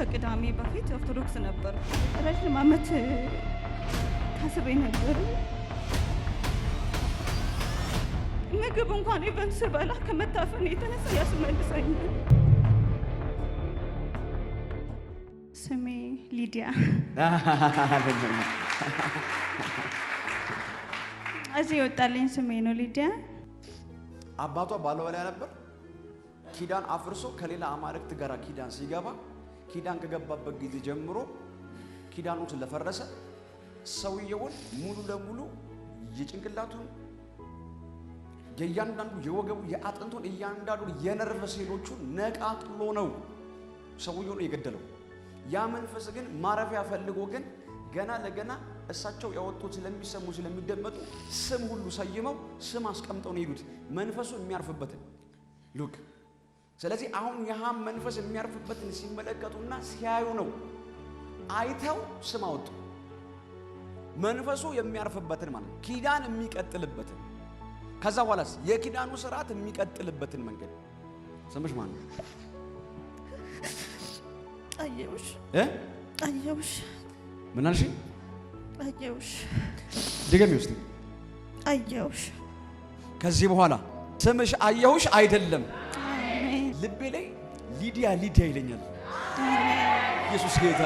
ከቅዳሜ በፊት ኦርቶዶክስ ነበር። ረዥም ዓመት ታስሬ ነበር። ምግብ እንኳን ኢቨንት ስበላ ከመታፈን የተነሳ ያስመልሰኝ። ስሜ ሊዲያ። እዚህ የወጣልኝ ስሜ ነው ሊዲያ። አባቷ ባለበላያ ነበር። ኪዳን አፍርሶ ከሌላ አማልክት ጋር ኪዳን ሲገባ ኪዳን ከገባበት ጊዜ ጀምሮ ኪዳኑ ስለፈረሰ ሰውየውን ሙሉ ለሙሉ የጭንቅላቱን የእያንዳንዱ የወገቡ የአጥንቱን እያንዳንዱ የነርቭ ሴሎቹን ነቃጥሎ ነው ነው የገደለው። ያ መንፈስ ግን ማረፊያ ፈልጎ ግን ገና ለገና እሳቸው ያወጡት ስለሚሰሙ ስለሚደመጡ ስም ሁሉ ሰይመው ስም አስቀምጠው ነው የሄዱት መንፈሱ የሚያርፍበትን ሉክ ስለዚህ አሁን የሃም መንፈስ የሚያርፍበትን ሲመለከቱና ሲያዩ ነው። አይተው ስም አወጡ። መንፈሱ የሚያርፍበትን ማለት ኪዳን የሚቀጥልበትን ከዛ በኋላስ የኪዳኑ ስርዓት የሚቀጥልበትን መንገድ ስምሽ ማን ነው? አየሁሽ እ አየሁሽ ምን አልሽ? አየሁሽ ድገሚ ውስጥ አየሁሽ። ከዚህ በኋላ ስምሽ አየውሽ አይደለም ልቤ ላይ ሊዲያ ሊዲያ ይለኛል። ኢየሱስ ጌታ።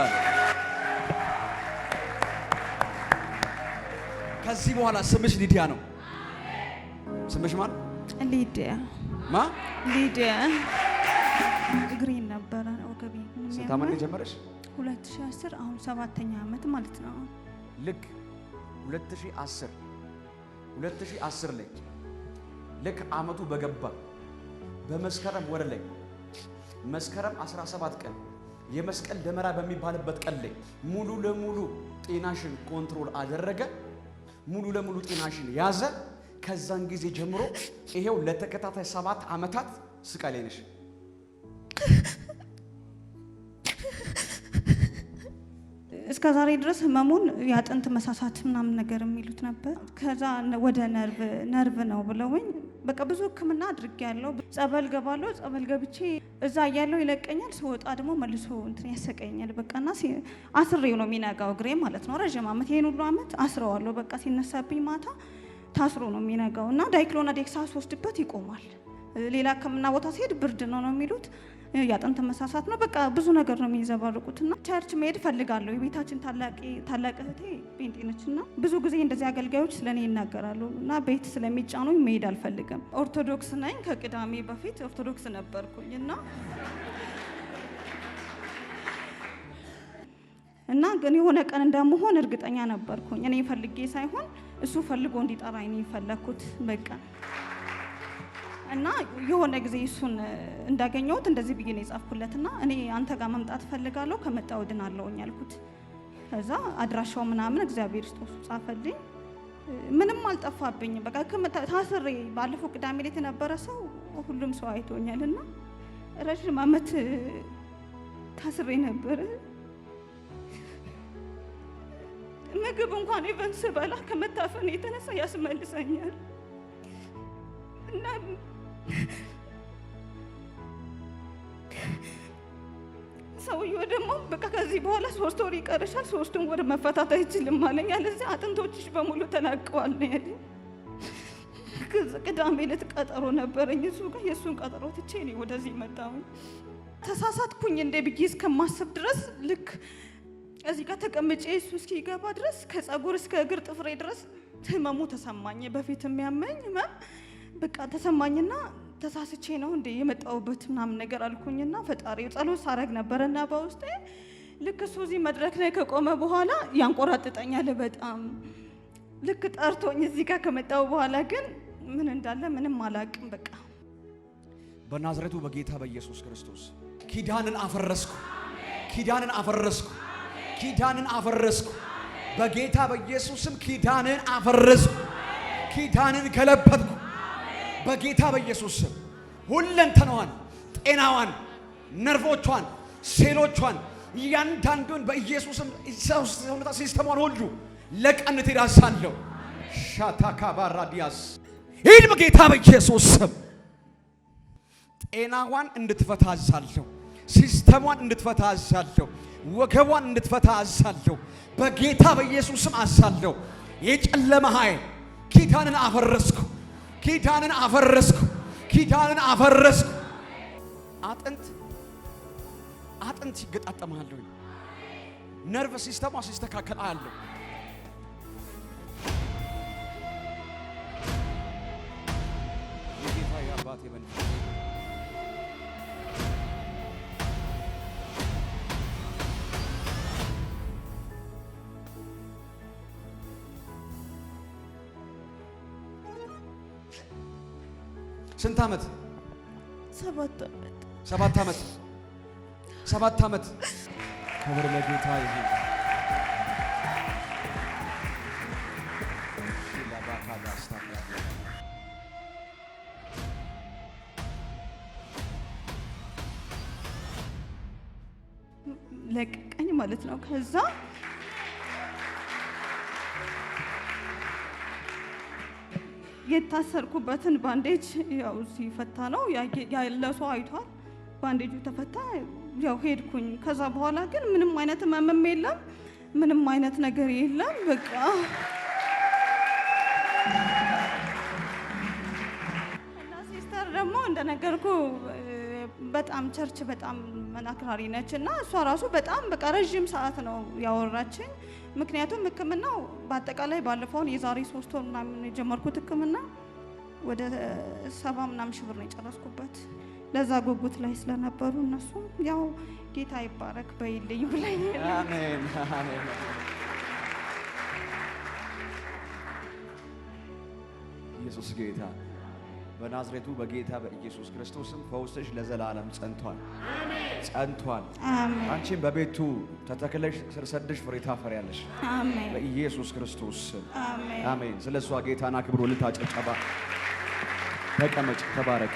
ከዚህ በኋላ ስምሽ ሊዲያ ነው። ስምሽ ማን? ሊዲያ ማ? ሊዲያ እግሬን ነበረ ወገቤ ስንት ዓመት ነው 2010 አሁን ሰባተኛ አመት ማለት ነው። ልክ 2010 2010 ላይ ልክ አመቱ በገባ በመስከረም ወር ላይ መስከረም 17 ቀን የመስቀል ደመራ በሚባልበት ቀን ላይ ሙሉ ለሙሉ ጤናሽን ኮንትሮል አደረገ። ሙሉ ለሙሉ ጤናሽን ያዘ። ከዛን ጊዜ ጀምሮ ይሄው ለተከታታይ ሰባት ዓመታት ስቃይ ላይ ነሽ። እስከ ዛሬ ድረስ ህመሙን የአጥንት መሳሳት ምናምን ነገር የሚሉት ነበር። ከዛ ወደ ነርቭ ነርቭ ነው ብለውኝ በቃ ብዙ ሕክምና አድርጌያለሁ። ጸበል ገባለሁ። ጸበል ገብቼ እዛ እያለሁ ይለቀኛል፣ ስወጣ ደግሞ መልሶ እንትን ያሰቀኛል። በቃና አስሬው ነው የሚነጋው እግሬ ማለት ነው። ረዥም ዓመት ይህን ሁሉ ዓመት አስረዋለሁ። በቃ ሲነሳብኝ ማታ ታስሮ ነው የሚነጋው እና ዳይክሎና ዴክሳ ስወስድበት ይቆማል። ሌላ ህክምና ቦታ ሲሄድ ብርድ ነው ነው የሚሉት የአጥንት መሳሳት ነው። በቃ ብዙ ነገር ነው የሚንዘባርቁት። ቸርች መሄድ ፈልጋለሁ የቤታችን ታላቅ እህቴ ጴንጤ ነች እና ብዙ ጊዜ እንደዚህ አገልጋዮች ስለእኔ ይናገራሉ እና ቤት ስለሚጫኑኝ መሄድ አልፈልግም። ኦርቶዶክስ ነኝ። ከቅዳሜ በፊት ኦርቶዶክስ ነበርኩኝ እና እና ግን የሆነ ቀን እንደመሆን እርግጠኛ ነበርኩኝ። እኔ ፈልጌ ሳይሆን እሱ ፈልጎ እንዲጠራኝ ነው የፈለግኩት በቃ እና የሆነ ጊዜ እሱን እንዳገኘሁት እንደዚህ ብዬ ነው የጻፍኩለት እና እኔ አንተ ጋር መምጣት ፈልጋለሁ ከመጣሁ እድናለሁኝ ያልኩት። ከዛ አድራሻው ምናምን እግዚአብሔር ስጦ ጻፈልኝ። ምንም አልጠፋብኝም። በቃ ታስሬ ባለፈው ቅዳሜ ላይ የነበረ ሰው ሁሉም ሰው አይቶኛል እና ረዥም አመት ታስሬ ነበር። ምግብ እንኳን ኢቨን ስበላ ከመታፈን የተነሳ ያስመልሰኛል እና ሰውየው ደግሞ በቃ ከዚህ በኋላ ሶስት ወር ይቀርሻል፣ ሶስቱን ወር መፈታት አይችልም አለኝ። ያለዚህ አጥንቶችሽ በሙሉ ተናቀዋል ነው ያለኝ። ቅዳሜ ዕለት ቀጠሮ ነበረኝ እሱ ጋር። የእሱን ቀጠሮ ትቼ ነው ወደዚህ መጣሁኝ። ተሳሳትኩኝ እንደ ብዬ እስከማስብ ድረስ ልክ እዚህ ጋር ተቀምጬ እሱ እስኪገባ ድረስ ከጸጉር እስከ እግር ጥፍሬ ድረስ ህመሙ ተሰማኝ። በፊት የሚያመኝ ህመም በቃ ተሰማኝና ተሳስቼ ነው እንደ የመጣውበት ምናምን ነገር አልኩኝና ፈጣሪ ጸሎት ሳረግ ነበረና በውስጤ ልክ እሱ እዚህ መድረክ ላይ ከቆመ በኋላ ያንቆራጥጠኛል በጣም ልክ ጠርቶኝ እዚህ ጋር ከመጣው በኋላ ግን ምን እንዳለ ምንም አላቅም። በቃ በናዝሬቱ በጌታ በኢየሱስ ክርስቶስ ኪዳንን አፈረስኩ፣ ኪዳንን አፈረስኩ፣ ኪዳንን አፈረስኩ። በጌታ በኢየሱስም ኪዳንን አፈረስኩ፣ ኪዳንን ከለበትኩ በጌታ በኢየሱስ ስም ሁለንተናዋን፣ ጤናዋን፣ ነርቮቿን፣ ሴሎቿን እያንዳንዱን በኢየሱስም ሰውነታ ሲስተሟን ሁሉ ለቀንት ይዳሳለሁ። ሻታካ ባራዲያስ ይህን በጌታ በኢየሱስ ስም ጤናዋን እንድትፈታ አዛለሁ። ሲስተሟን እንድትፈታ አዛለሁ። ወገቧን እንድትፈታ አዛለሁ። በጌታ በኢየሱስም አዛለሁ። የጨለመ ኃይል ኪዳንን አፈረስኩ። ኪዳንን አፈረስኩ፣ ኪዳንን አፈረስኩ። አጥንት አጥንት ይገጣጠማል። ነርቭ ሲስተሟ ሲስተካከል አያለሁ። የጌታ የአባቴ መንፈስ ስንት ዓመት? ሰባት ዓመት ሰባት ዓመት ሰባት ዓመት። ክብር ለጌታ ይሁን። ለቀቀኝ ማለት ነው ከዛ የታሰርኩበትን ባንዴጅ ያው ሲፈታ ነው ያለ ሰው አይቷል። ባንዴጁ ተፈታ፣ ያው ሄድኩኝ። ከዛ በኋላ ግን ምንም አይነት ህመምም የለም፣ ምንም አይነት ነገር የለም። በቃ እና ሲስተር ደግሞ እንደነገርኩ በጣም ቸርች በጣም መናክራሪ ነች እና እሷ ራሱ በጣም በቃ ረዥም ሰዓት ነው ያወራችኝ። ምክንያቱም ህክምናው በአጠቃላይ ባለፈውን የዛሬ ሶስት ወር ምናምን የጀመርኩት ህክምና ወደ ሰባ ምናምን ሺህ ብር ነው የጨረስኩበት። ለዛ ጉጉት ላይ ስለነበሩ እነሱም ያው ጌታ ይባረክ በይልኝ ብላይ ኢየሱስ ጌታ በናዝሬቱ በጌታ በኢየሱስ ክርስቶስም ፈውስሽ ለዘላለም ጸንቷል። ጸንቷል። አንቺም በቤቱ ተተክለሽ ስር ፍሬ ታፈሪያለሽ በኢየሱስ ክርስቶስ አሜን። ስለ እሷ ጌታና ክብሩ ልታጨጨባ ተቀመጭ፣ ተባረክ።